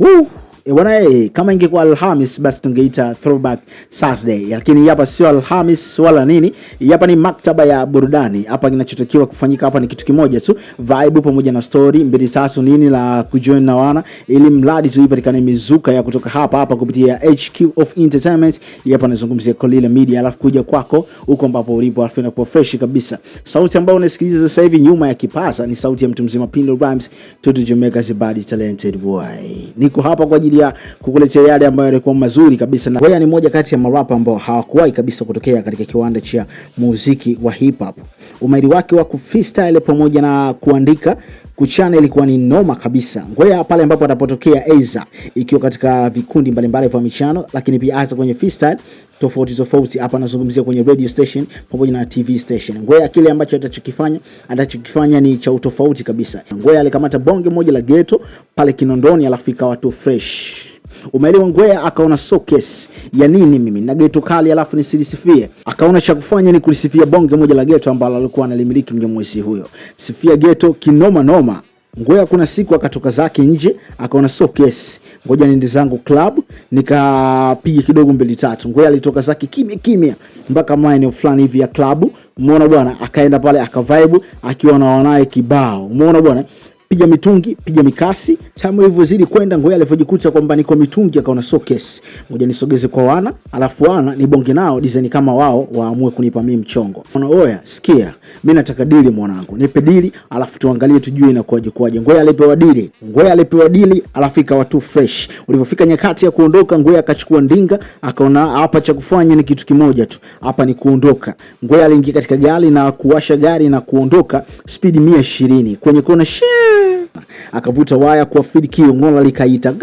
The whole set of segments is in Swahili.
Woo! E eh, wana, e, eh, kama ingekuwa Alhamis basi tungeita throwback Saturday, lakini hapa sio Alhamis wala nini, hapa ni maktaba ya burudani. Hapa kinachotakiwa kufanyika hapa ni kitu kimoja tu, vibe pamoja na story mbili tatu nini la kujoin na wana, ili mradi tu ipatikane mizuka ya kutoka hapa hapa kupitia HQ of Entertainment. Hapa nazungumzia Kolila Media, alafu kuja kwako huko ambapo ulipo, alafu inakuwa fresh kabisa. Sauti ambayo unasikiliza sasa hivi nyuma ya kipasa ni sauti ya mtu mzima Pindo Rhymes, Toto Jamaica's body talented boy. Niko hapa kwa ajili ya kukuletea yale ambayo yalikuwa mazuri kabisa, na Hoya ni moja kati ya marapa ambao hawakuwahi kabisa kutokea katika kiwanda cha muziki wa hip hop. Umairi wake wa kufreestyle pamoja na kuandika kuchana ilikuwa ni noma kabisa. Ngwea pale ambapo atapotokea Aza ikiwa katika vikundi mbalimbali vya michano, lakini pia hasa kwenye freestyle tofauti tofauti. Hapa anazungumzia kwenye radio station pamoja na TV station. Ngwea kile ambacho atachokifanya atachokifanya ni cha utofauti kabisa. Ngwea alikamata bonge moja la ghetto pale Kinondoni, alafu ikawa tu fresh. Umeelewa Ngwea akaona sokes ya nini mimi na geto kali, alafu nisilisifie. Akaona cha kufanya ni kulisifia bonge moja la geto ambalo alikuwa analimiliki Mnyamwezi huyo. Sifia geto kinoma noma. Ngwea kuna siku akatoka zake nje akaona so kesi, ngoja niende zangu club nikapiga kidogo mbili tatu. Ngwea alitoka zake kimya kimya mpaka maeneo fulani hivi ya club, umeona bwana, akaenda pale akavibe akiwa na wanaye kibao, umeona bwana piga mitungi, piga mikasi. Tamu ilivyozidi kwenda, Ngoya alivyojikuta kwamba niko mitungi, akaona so kesi ngoja nisogeze kwa wana, alafu wana ni bonge nao design kama wao waamue kunipa mimi mchongo. Ona oya, sikia, mimi nataka dili mwanangu, nipe dili alafu tuangalie tujue inakuwaje kwaje. Ngoya alipewa dili, Ngoya alipewa dili, alafu ikawa tu fresh. Ulipofika nyakati ya kuondoka, Ngoya akachukua ndinga, akaona hapa cha kufanya ni kitu kimoja tu, hapa ni kuondoka. Ngoya aliingia katika gari na kuwasha gari na kuondoka, speed 120 kwenye kona shii akavuta waya kwa filikio ng'ola likaita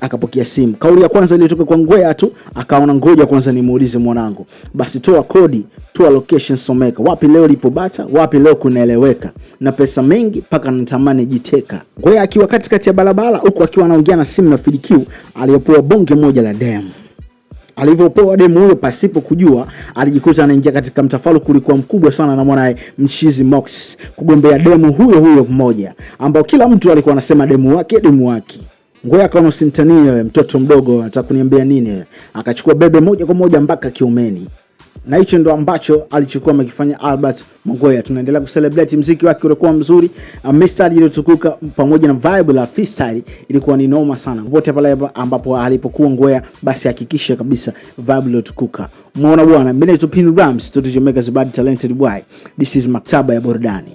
akapokea simu. Kauli ya kwanza ilitoka kwa Ngwea tu, akaona ngoja kwanza nimuulize mwanangu, basi toa kodi, toa location someka, wapi leo lipo bata, wapi leo kunaeleweka, na pesa mengi mpaka natamani jiteka. Ngwea akiwa katikati ya barabara, huku akiwa anaongea na simu na Fid-Q aliyopewa bonge moja la dem Alivyopewa demu huyo pasipo kujua, alijikuta anaingia katika mtafaruku ulikuwa mkubwa sana na mwanae mchizi Mox kugombea demu huyo huyo mmoja, ambao kila mtu alikuwa anasema demu wake, demu wake. Ngoja akaona sintania, mtoto mdogo atakuniambia nini? Akachukua bebe moja kwa moja mpaka kiumeni na hicho ndo ambacho alichokuwa amekifanya Albert Mongoya. Tunaendelea kucelebrate mziki wake uliokuwa mzuri, uh, mistari iliyotukuka pamoja na vibe la freestyle ilikuwa ni noma sana. Popote pale ambapo alipokuwa Ngoya, basi hakikisha kabisa vibe iliyotukuka. Umeona bwana, mimi ni Tupin Rams, tutu Jamaica's bad talented boy. This is maktaba ya burudani.